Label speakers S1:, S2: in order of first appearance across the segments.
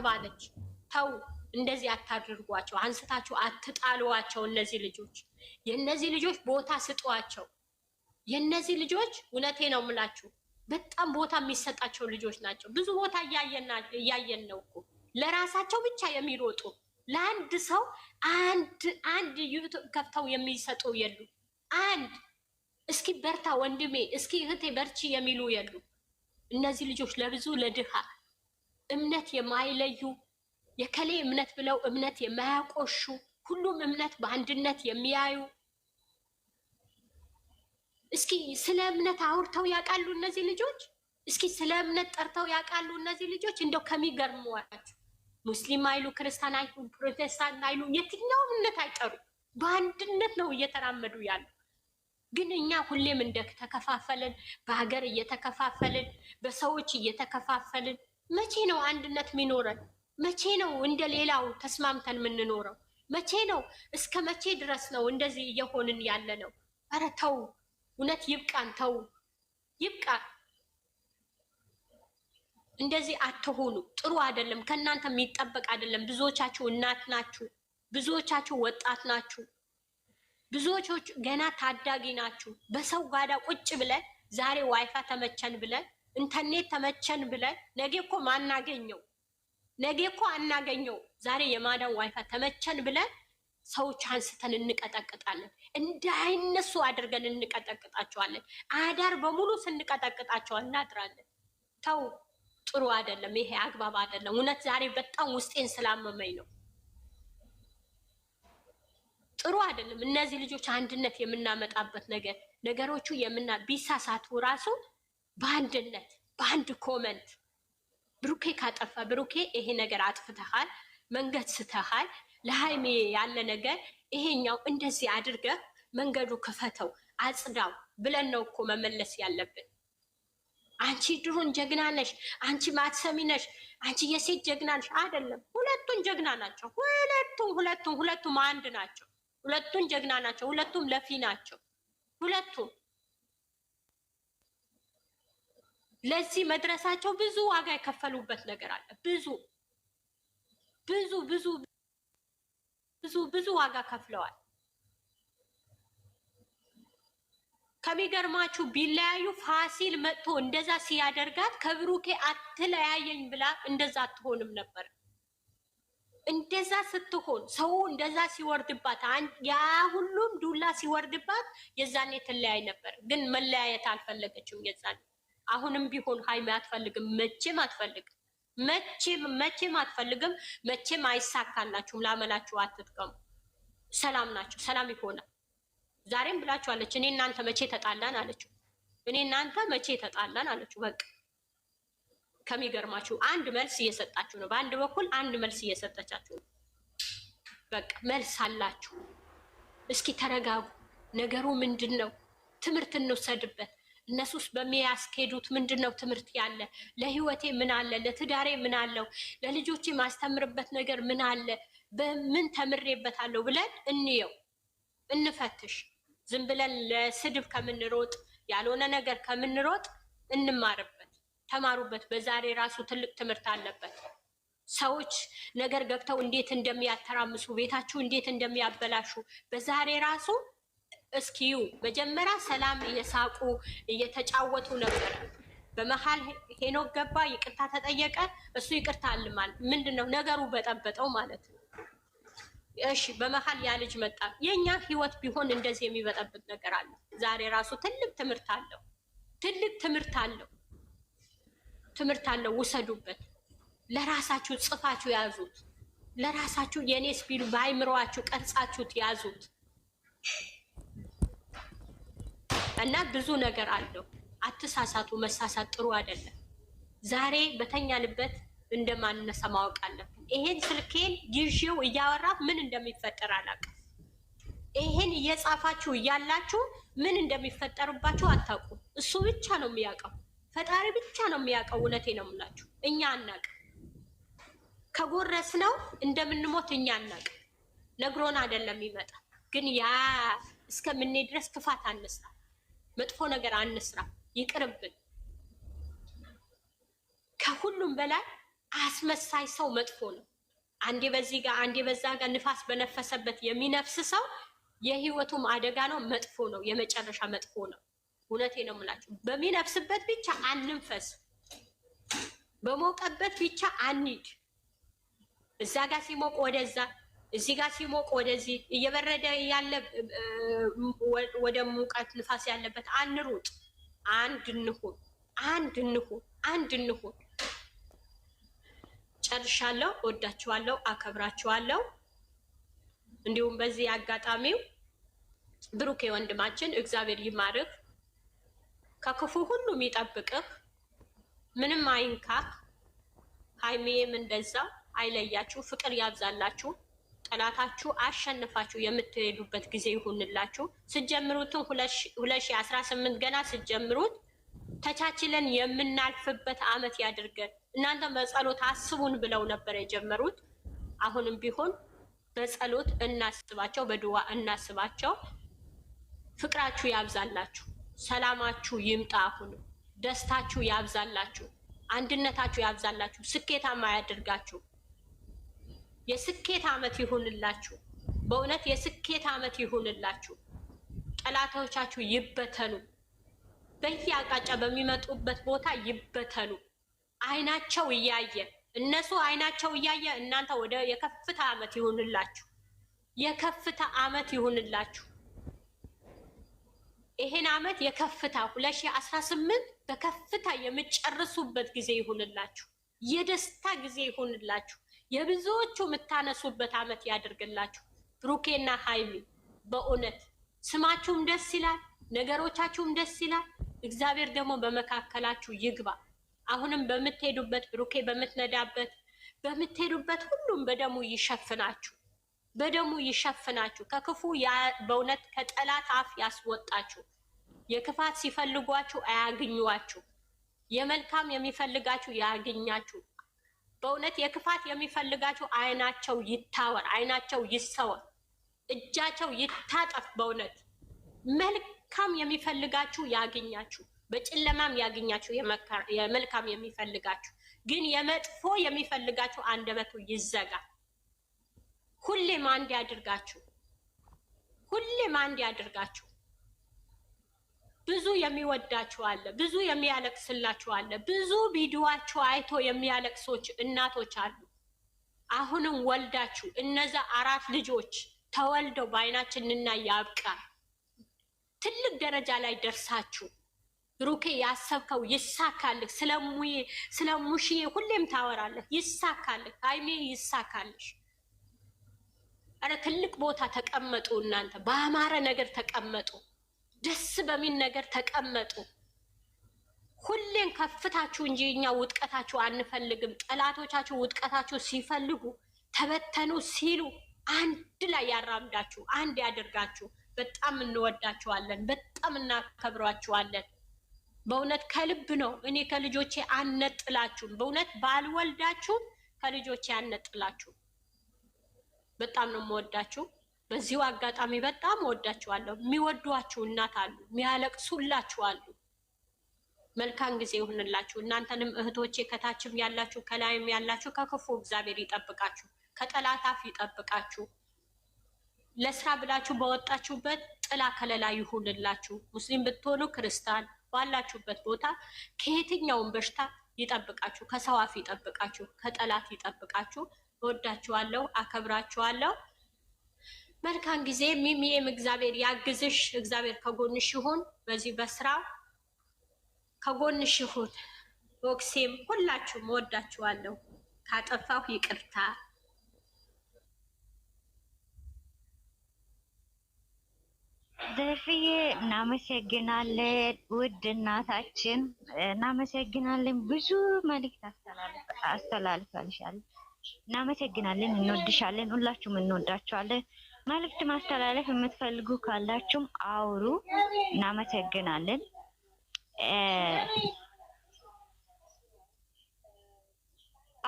S1: ተባለች። ተው እንደዚህ አታድርጓቸው፣ አንስታችሁ አትጣሏቸው። እነዚህ ልጆች የእነዚህ ልጆች ቦታ ስጧቸው። የእነዚህ ልጆች እውነቴ ነው የምላችሁ በጣም ቦታ የሚሰጣቸው ልጆች ናቸው። ብዙ ቦታ እያየን ነው እኮ ለራሳቸው ብቻ የሚሮጡ ለአንድ ሰው አንድ አንድ ዩቱብ ከፍተው የሚሰጡ የሉ። አንድ እስኪ በርታ ወንድሜ፣ እስኪ እህቴ በርቺ የሚሉ የሉ። እነዚህ ልጆች ለብዙ ለድሃ እምነት የማይለዩ የከሌ እምነት ብለው እምነት የማያቆሹ ሁሉም እምነት በአንድነት የሚያዩ እስኪ ስለ እምነት አውርተው ያውቃሉ እነዚህ ልጆች? እስኪ ስለ እምነት ጠርተው ያውቃሉ እነዚህ ልጆች? እንደው ከሚገርመዋቸው ሙስሊም አይሉ፣ ክርስቲያን አይሉ፣ ፕሮቴስታንት አይሉ፣ የትኛው እምነት አይጠሩ። በአንድነት ነው እየተራመዱ ያሉ። ግን እኛ ሁሌም እንደ ተከፋፈልን በሀገር እየተከፋፈልን፣ በሰዎች እየተከፋፈልን መቼ ነው አንድነት የሚኖረን? መቼ ነው እንደ ሌላው ተስማምተን የምንኖረው? መቼ ነው? እስከ መቼ ድረስ ነው እንደዚህ እየሆንን ያለ ነው? ኧረ ተው፣ እውነት ይብቃን። ተው ይብቃ። እንደዚህ አትሆኑ። ጥሩ አይደለም። ከእናንተ የሚጠበቅ አይደለም። ብዙዎቻችሁ እናት ናችሁ። ብዙዎቻችሁ ወጣት ናችሁ። ብዙዎቻችሁ ገና ታዳጊ ናችሁ። በሰው ጓዳ ቁጭ ብለን ዛሬ ዋይፋ ተመቸን ብለን እንተኔ ተመቸን ብለን ነገ እኮ ማናገኘው ነገ እኮ አናገኘው። ዛሬ የማዳን ዋይፋ ተመቸን ብለን ሰዎች አንስተን እንቀጠቅጣለን። እንዳይነሱ አድርገን እንቀጠቅጣቸዋለን። አዳር በሙሉ ስንቀጠቅጣቸው እናድራለን። ተው፣ ጥሩ አይደለም። ይሄ አግባብ አይደለም። እውነት ዛሬ በጣም ውስጤን ስላመመኝ ነው። ጥሩ አይደለም። እነዚህ ልጆች አንድነት የምናመጣበት ነገር ነገሮቹ የምና ቢሳሳቱ ራሱ በአንድነት በአንድ ኮመንት ብሩኬ ካጠፋ ብሩኬ ይሄ ነገር አጥፍተሃል፣ መንገድ ስተሃል፣ ለሃይሜ ያለ ነገር ይሄኛው እንደዚህ አድርገህ መንገዱ ክፈተው፣ አጽዳው ብለን ነው እኮ መመለስ ያለብን። አንቺ ድሩን ጀግና ነሽ፣ አንቺ ማትሰሚ ነሽ፣ አንቺ የሴት ጀግና ነሽ አይደለም። ሁለቱም ጀግና ናቸው። ሁለቱም ሁለቱም ሁለቱም አንድ ናቸው። ሁለቱም ጀግና ናቸው። ሁለቱም ለፊ ናቸው። ሁለቱም ለዚህ መድረሳቸው ብዙ ዋጋ የከፈሉበት ነገር አለ። ብዙ ብዙ ብዙ ብዙ ብዙ ዋጋ ከፍለዋል። ከሚገርማችሁ ቢለያዩ ፋሲል መጥቶ እንደዛ ሲያደርጋት ከብሩኬ አትለያየኝ ብላ እንደዛ አትሆንም ነበር። እንደዛ ስትሆን ሰው እንደዛ ሲወርድባት፣ ያ ሁሉም ዱላ ሲወርድባት የዛኔ ትለያይ ነበር። ግን መለያየት አልፈለገችም የዛኔ አሁንም ቢሆን ሀይሚ አትፈልግም፣ መቼም አትፈልግም፣ መቼም መቼም አትፈልግም፣ መቼም አይሳካላችሁም። ላመላችሁ አትጥቀሙ። ሰላም ናቸው፣ ሰላም ይሆናል። ዛሬም ብላችኋለች፣ እኔ እናንተ መቼ ተጣላን አለችው። እኔ እናንተ መቼ ተጣላን አለችው። በቃ ከሚገርማችሁ አንድ መልስ እየሰጣችሁ ነው። በአንድ በኩል አንድ መልስ እየሰጠቻችሁ ነው። በቃ መልስ አላችሁ። እስኪ ተረጋጉ። ነገሩ ምንድን ነው? ትምህርት እንውሰድበት። እነሱስ በሚያስኬዱት ምንድን ነው ትምህርት ያለ? ለህይወቴ ምን አለ? ለትዳሬ ምን አለው? ለልጆቼ ማስተምርበት ነገር ምን አለ? በምን ተምሬበታለሁ ብለን እንየው፣ እንፈትሽ። ዝም ብለን ለስድብ ከምንሮጥ፣ ያልሆነ ነገር ከምንሮጥ እንማርበት፣ ተማሩበት። በዛሬ ራሱ ትልቅ ትምህርት አለበት። ሰዎች ነገር ገብተው እንዴት እንደሚያተራምሱ፣ ቤታችሁ እንዴት እንደሚያበላሹ በዛሬ ራሱ እስኪዩ መጀመሪያ ሰላም እየሳቁ እየተጫወቱ ነበረ። በመሀል ሄኖክ ገባ፣ ይቅርታ ተጠየቀ። እሱ ይቅርታ አልማል ምንድን ነው ነገሩ በጠበጠው ማለት ነው። እሺ በመሀል ያ ልጅ መጣ። የእኛ ህይወት ቢሆን እንደዚህ የሚበጠብጥ ነገር አለ። ዛሬ ራሱ ትልቅ ትምህርት አለው፣ ትልቅ ትምህርት አለው፣ ትምህርት አለው። ውሰዱበት፣ ለራሳችሁ ጽፋችሁ ያዙት። ለራሳችሁ የኔስ ቢሉ በአይምሮአችሁ ቀርጻችሁት ያዙት። እና ብዙ ነገር አለው። አትሳሳቱ። መሳሳት ጥሩ አይደለም። ዛሬ በተኛንበት እንደማንነሳ ማወቅ አለብን። ይሄን ስልኬን ይዤው እያወራ ምን እንደሚፈጠር አላውቅም። ይሄን እየጻፋችሁ እያላችሁ ምን እንደሚፈጠርባችሁ አታውቁም። እሱ ብቻ ነው የሚያውቀው፣ ፈጣሪ ብቻ ነው የሚያውቀው። እውነቴ ነው የምላችሁ፣ እኛ አናውቅም። ከጎረስ ነው እንደምንሞት እኛ አናውቅም። ነግሮን አይደለም ይመጣ ግን ያ እስከምንሄድ ድረስ ክፋት አንስታል። መጥፎ ነገር አንስራ፣ ይቅርብን። ከሁሉም በላይ አስመሳይ ሰው መጥፎ ነው። አንዴ በዚህ ጋር አንዴ በዛ ጋር ንፋስ በነፈሰበት የሚነፍስ ሰው የህይወቱም አደጋ ነው፣ መጥፎ ነው፣ የመጨረሻ መጥፎ ነው። እውነቴ ነው የምላችሁ። በሚነፍስበት ብቻ አንንፈስ፣ በሞቀበት ብቻ አንሂድ። እዛ ጋር ሲሞቅ ወደዛ እዚህ ጋር ሲሞቅ ወደዚህ እየበረደ ያለ ወደ ሙቀት ንፋስ ያለበት አንሩጥ። አንድ እንሁን፣ አንድ እንሁን፣ አንድ እንሁን። ጨርሻለሁ። ወዳችኋለሁ፣ አከብራችኋለሁ። እንዲሁም በዚህ አጋጣሚው ብሩኬ ወንድማችን እግዚአብሔር ይማርህ፣ ከክፉ ሁሉም ይጠብቅህ፣ ምንም አይንካህ። ሀይሜም እንደዛ አይለያችሁ፣ ፍቅር ያብዛላችሁ። ጠላታችሁ አሸንፋችሁ የምትሄዱበት ጊዜ ይሁንላችሁ። ስጀምሩትም ሁለት ሺ አስራ ስምንት ገና ስጀምሩት ተቻችለን የምናልፍበት አመት ያድርገን። እናንተ በጸሎት አስቡን ብለው ነበር የጀመሩት። አሁንም ቢሆን በጸሎት እናስባቸው፣ በድዋ እናስባቸው። ፍቅራችሁ ያብዛላችሁ፣ ሰላማችሁ ይምጣ። አሁን ደስታችሁ ያብዛላችሁ፣ አንድነታችሁ ያብዛላችሁ፣ ስኬታማ ያድርጋችሁ። የስኬት ዓመት ይሁንላችሁ። በእውነት የስኬት ዓመት ይሁንላችሁ። ጠላቶቻችሁ ይበተኑ፣ በየአቅጣጫ በሚመጡበት ቦታ ይበተኑ። አይናቸው እያየ እነሱ አይናቸው እያየ እናንተ ወደ የከፍታ ዓመት ይሁንላችሁ። የከፍታ ዓመት ይሁንላችሁ። ይሄን ዓመት የከፍታ 2018 በከፍታ የምጨርሱበት ጊዜ ይሁንላችሁ። የደስታ ጊዜ ይሁንላችሁ። የብዙዎቹ የምታነሱበት አመት ያደርግላችሁ። ብሩኬና ሀይሚ በእውነት ስማችሁም ደስ ይላል፣ ነገሮቻችሁም ደስ ይላል። እግዚአብሔር ደግሞ በመካከላችሁ ይግባ። አሁንም በምትሄዱበት ብሩኬ በምትነዳበት በምትሄዱበት ሁሉም በደሙ ይሸፍናችሁ፣ በደሙ ይሸፍናችሁ። ከክፉ በእውነት ከጠላት አፍ ያስወጣችሁ። የክፋት ሲፈልጓችሁ አያግኟችሁ፣ የመልካም የሚፈልጋችሁ ያግኛችሁ። በእውነት የክፋት የሚፈልጋቸው አይናቸው ይታወር፣ አይናቸው ይሰወር፣ እጃቸው ይታጠፍ። በእውነት መልካም የሚፈልጋችሁ ያገኛችሁ በጨለማም ያገኛችሁ መልካም የሚፈልጋችሁ። ግን የመጥፎ የሚፈልጋችሁ አንደበቱ ይዘጋ። ሁሌም አንድ ያድርጋችሁ፣ ሁሌም አንድ ያድርጋችሁ። ብዙ የሚወዳችሁ አለ፣ ብዙ የሚያለቅስላችሁ አለ፣ ብዙ ቪዲዮዋችሁ አይቶ የሚያለቅሶች እናቶች አሉ። አሁንም ወልዳችሁ እነዛ አራት ልጆች ተወልደው በአይናችን እናይ ያብቃል። ትልቅ ደረጃ ላይ ደርሳችሁ ሩኬ ያሰብከው ይሳካልህ። ስለሙዬ ስለሙሽዬ ሁሌም ታወራለህ። ይሳካልህ፣ አይሜ ይሳካልሽ። አረ ትልቅ ቦታ ተቀመጡ እናንተ፣ በአማረ ነገር ተቀመጡ። ደስ በሚል ነገር ተቀመጡ። ሁሌን ከፍታችሁ እንጂ እኛ ውጥቀታችሁ አንፈልግም። ጠላቶቻችሁ ውጥቀታችሁ ሲፈልጉ ተበተኑ ሲሉ አንድ ላይ ያራምዳችሁ፣ አንድ ያደርጋችሁ። በጣም እንወዳችኋለን፣ በጣም እናከብሯችኋለን። በእውነት ከልብ ነው። እኔ ከልጆቼ አነጥላችሁም። በእውነት ባልወልዳችሁም ከልጆቼ አነጥላችሁም። በጣም ነው የምወዳችሁ። በዚሁ አጋጣሚ በጣም ወዳችኋለሁ። የሚወዷችሁ እናት አሉ፣ የሚያለቅሱላችሁ አሉ። መልካም ጊዜ ይሁንላችሁ። እናንተንም እህቶቼ ከታችም ያላችሁ ከላይም ያላችሁ ከክፉ እግዚአብሔር ይጠብቃችሁ፣ ከጠላት አፍ ይጠብቃችሁ። ለስራ ብላችሁ በወጣችሁበት ጥላ ከለላ ይሁንላችሁ። ሙስሊም ብትሆኑ ክርስቲያን፣ ባላችሁበት ቦታ ከየትኛውም በሽታ ይጠብቃችሁ፣ ከሰው አፍ ይጠብቃችሁ፣ ከጠላት ይጠብቃችሁ። እወዳችኋለሁ፣ አከብራችኋለሁ። መልካም ጊዜ ሚሚዬም፣ እግዚአብሔር ያግዝሽ። እግዚአብሔር ከጎንሽ ይሁን። በዚህ በስራ ከጎንሽ ይሁን። ቦክሴም ሁላችሁም ወዳችኋለሁ። ካጠፋሁ ይቅርታ።
S2: ዘርፍዬ እናመሰግናለን። ውድ እናታችን እናመሰግናለን። ብዙ መልእክት አስተላልፈልሻለሁ። እናመሰግናለን። እንወድሻለን። ሁላችሁም እንወዳችኋለን። መልእክት ማስተላለፍ የምትፈልጉ ካላችሁም አውሩ። እናመሰግናለን።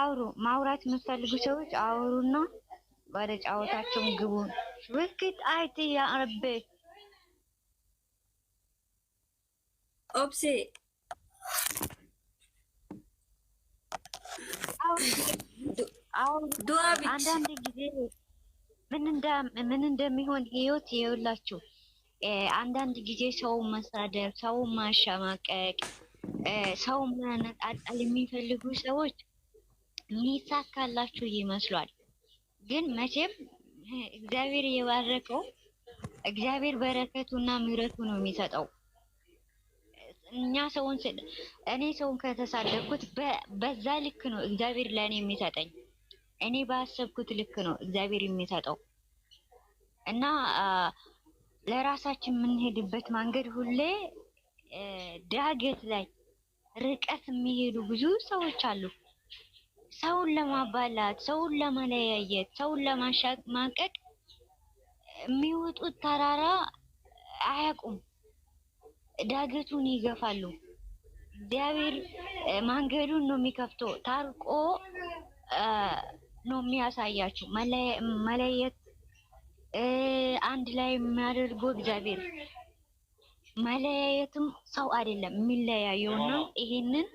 S2: አውሩ። ማውራት የምትፈልጉ ሰዎች አውሩና ወደ ጫወታቸውን ግቡ። ውክት አይቲ ያረቤ ኦፕሴ አንዳንድ ጊዜ ምን እንደሚሆን ህይወት ይኸውላችሁ፣ አንዳንድ ጊዜ ሰው መሳደብ፣ ሰው ማሸማቀቅ፣ ሰው ማነጣጠል የሚፈልጉ ሰዎች የሚሳካላችሁ ይመስሏል። ግን መቼም እግዚአብሔር የባረከው እግዚአብሔር በረከቱ እና ምሕረቱ ነው የሚሰጠው። እኛ ሰውን እኔ ሰውን ከተሳደብኩት በዛ ልክ ነው እግዚአብሔር ለእኔ የሚሰጠኝ። እኔ ባሰብኩት ልክ ነው እግዚአብሔር የሚሰጠው እና ለራሳችን የምንሄድበት መንገድ ሁሌ ዳገት ላይ ርቀት የሚሄዱ ብዙ ሰዎች አሉ። ሰውን ለማባላት፣ ሰውን ለመለያየት፣ ሰውን ለማንቀቅ የሚወጡት ተራራ አያውቁም። ዳገቱን ይገፋሉ። እግዚአብሔር መንገዱን ነው የሚከፍተው ታርቆ ነው የሚያሳያችሁ። መለየት አንድ ላይ የሚያደርገው እግዚአብሔር መለያየትም ሰው አይደለም የሚለያየውና ይሄንን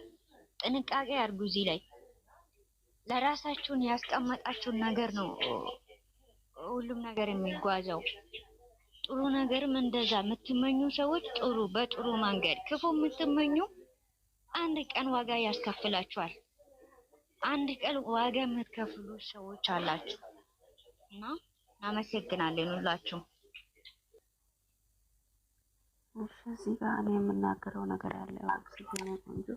S2: ጥንቃቄ አድርጉ። እዚህ ላይ ለራሳችሁን ያስቀመጣችሁን ነገር ነው ሁሉም ነገር የሚጓዘው። ጥሩ ነገርም እንደዛ የምትመኙ ሰዎች ጥሩ በጥሩ መንገድ፣ ክፉ የምትመኙ አንድ ቀን ዋጋ ያስከፍላችኋል። አንድ ቀን ዋጋ የምትከፍሉ ሰዎች አላችሁ እና እናመሰግናለን ሁላችሁም። እሺ፣ እዚህ ጋር እኔ የምናገረው ነገር አለ። ቆንጆ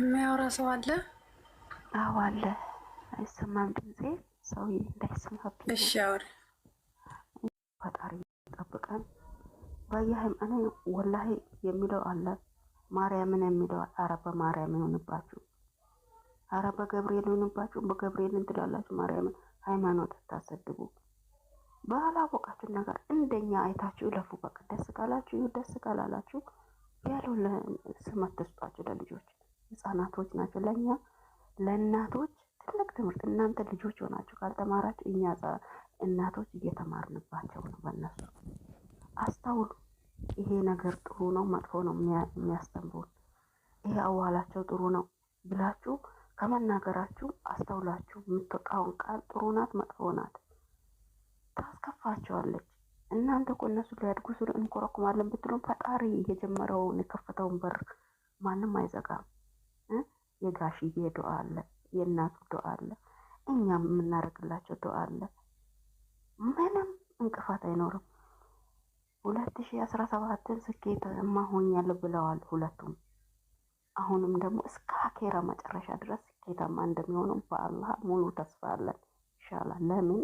S3: የሚያወራ ሰው አለ።
S2: አዎ አለ። አይሰማም ድምጼ ሰው
S3: እንዳይሰማብኝ። እሺ፣ አውሪ። ፈጣሪ
S2: ይጠብቀን። በየሃይማኖት ወላሂ የሚለው አለ ማርያምን የሚለው አረ በማርያም ይሆንባችሁ፣ አረ በገብርኤል ይሆንባችሁ፣ በገብርኤል እንትላላችሁ። ማርያምን ሃይማኖት አታሰድቡ። ባላወቃችሁ ነገር እንደኛ አይታችሁ ለፉ። በቃ ደስ ካላችሁ ደስ ካላላችሁ ያለው ስም አትስጧቸው ለልጆች። ህጻናቶች ናቸው ለእኛ ለእናቶች ትልቅ ትምህርት። እናንተ ልጆች ሆናችሁ ካልተማራችሁ እኛ እናቶች እየተማርንባቸው ነው። በእነሱ አስታውሉ። ይሄ ነገር ጥሩ ነው መጥፎ ነው የሚያስተምሩን፣ ይሄ አዋላቸው ጥሩ ነው ብላችሁ ከመናገራችሁ አስተውላችሁ የምትወጣውን ቃል ጥሩ ናት መጥፎ ናት ታስከፋቸዋለች። እናንተ እኮ እነሱ ሊያድጉ ስሉ እንኮረኩማለን ብትሉም ፈጣሪ የጀመረውን የከፈተውን በር ማንም አይዘጋም። የጋሽዬ ዱዓ አለ፣ የእናቱ ዶ አለ፣ እኛም የምናደርግላቸው ዶ አለ። ምንም እንቅፋት አይኖርም። ሁለት ሺ አስራ ሰባትን ስኬታማ ሆኛለሁ ብለዋል ሁለቱም። አሁንም ደግሞ እስከ አኬራ መጨረሻ ድረስ ስኬታማ እንደሚሆኑ በአላህ ሙሉ ተስፋ አለን ይሻላል። ለምን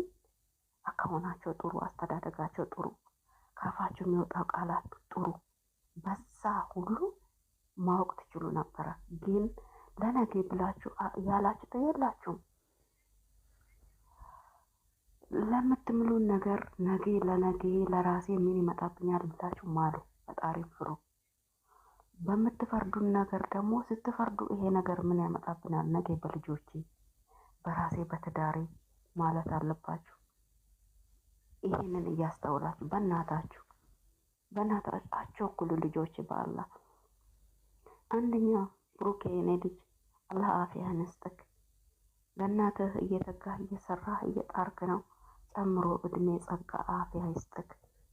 S2: አካውናቸው ጥሩ፣ አስተዳደጋቸው ጥሩ፣ ካፋቸው የሚወጣው ቃላት ጥሩ። በዛ ሁሉ ማወቅ ትችሉ ነበረ። ግን ለነገ ብላችሁ ያላችሁ የላችሁም። ለምትምሉን ነገር ነገ ለነገ ለራሴ ምን ይመጣብኛል ብላችሁ ማሉ። ፈጣሪ ፍሩ። በምትፈርዱን ነገር ደግሞ ስትፈርዱ ይሄ ነገር ምን ያመጣብናል ነገ በልጆቼ በራሴ በትዳሬ ማለት አለባችሁ። ይሄንን እያስተውላችሁ በእናታችሁ በእናታችሁ አቸኩሉ ልጆች። በአላ አንደኛ ብሩኬ የኔ ልጅ አላህ አፍያህን ስጥክ። ለእናትህ እየተጋህ እየሰራህ እየጣርክ ነው። ጨምሮ እድሜ ጸጋ አፍያ ይስጥክ።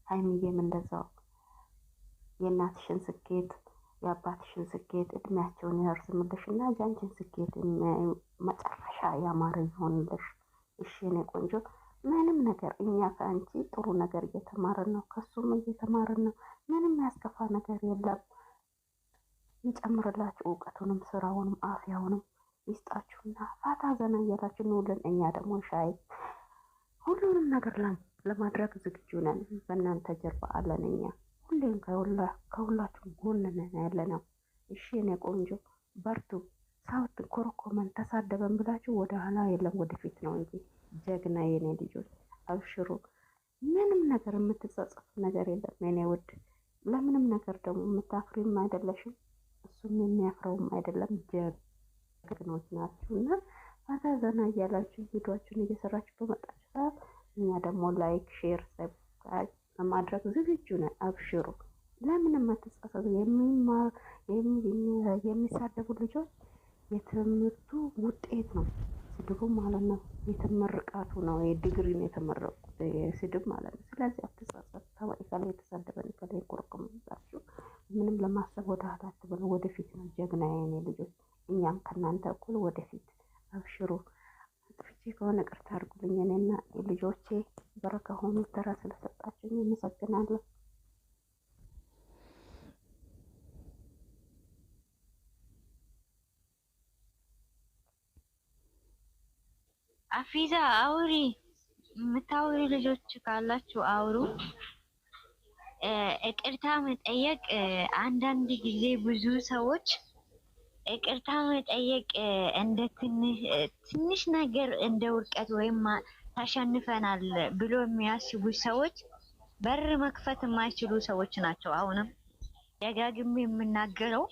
S2: ሀይሚዬም እንደዛው የእናትሽን ስኬት የአባትሽን ስኬት እድሜያቸውን ያርዝምልሽ እና ጃንችን ስኬት መጨረሻ ያማረ ይሆንልሽ። እሺ የኔ ቆንጆ ምንም ነገር እኛ ከአንቺ ጥሩ ነገር እየተማርን ነው፣ ከሱም እየተማርን ነው። ምንም ያስከፋ ነገር የለም። ይጨምርላችሁ፣ እውቀቱንም ስራውንም አፍያውንም ይስጣችሁና ፋታ ዘና እያላችሁ እንውልን። እኛ ደግሞ ሻይ ሁሉንም ነገር ለማድረግ ዝግጁ ነን። በእናንተ ጀርባ አለን። እኛ ሁሌም ከሁላችሁም ጎን ነን ያለ ነው። እሺ እኔ ቆንጆ በርቱ። ሳውት ኮረኮመን ተሳደበን ብላችሁ ወደ ኋላ የለም ወደፊት ነው እንጂ ጀግና የኔ ልጆች አብሽሩ። ምንም ነገር የምትጸጽፍ ነገር የለም የኔ ውድ። ለምንም ነገር ደግሞ የምታፍሪም አይደለሽም፣ እሱም የሚያፍረውም አይደለም። ጀግኖች ናችሁ እና ፈታ ዘና እያላችሁ ቪዲዮችን እየሰራችሁ በመጣ ሀሳብ እኛ ደግሞ ላይክ፣ ሼር ሰብስክራይብ በማድረግ ዝግጁ ነን። አብሽሩ። ለምንም አትጸጸቱ። የሚማር የሚሳደቡ ልጆች የትምህርቱ ውጤት ነው ስድቡ ማለት ነው። የተመረቃቱ ነው የዲግሪ ነው የተመረቁት ስድብ ማለት ነው። ስለዚህ አትጸጸቱ። ታዋቂ ካለ የተሳደበን ካለ ይቆርቅም ይዛችሁ ምንም ለማሰብ ወደ ኋላ ብሎ ወደፊት ነው ጀግና የኔ ልጆች። እኛም ከእናንተ እኩል ወደፊት አብሽሩ። አጥፍቼ ከሆነ ቅርታ አድርጉልኝ እኔና ልጆቼ በረካ ሆኑ። ተራ ስለሰጣችሁኝ አመሰግናለሁ። አፊዛ አውሪ፣ የምታውሪ ልጆች ካላችሁ አውሩ። እቅርታ መጠየቅ አንዳንድ ጊዜ ብዙ ሰዎች እቅርታ መጠየቅ እንደ ትንሽ ነገር እንደ ውድቀት ወይም ተሸንፈናል ብሎ የሚያስቡ ሰዎች በር መክፈት የማይችሉ ሰዎች ናቸው። አሁንም ደጋግሜ የምናገረው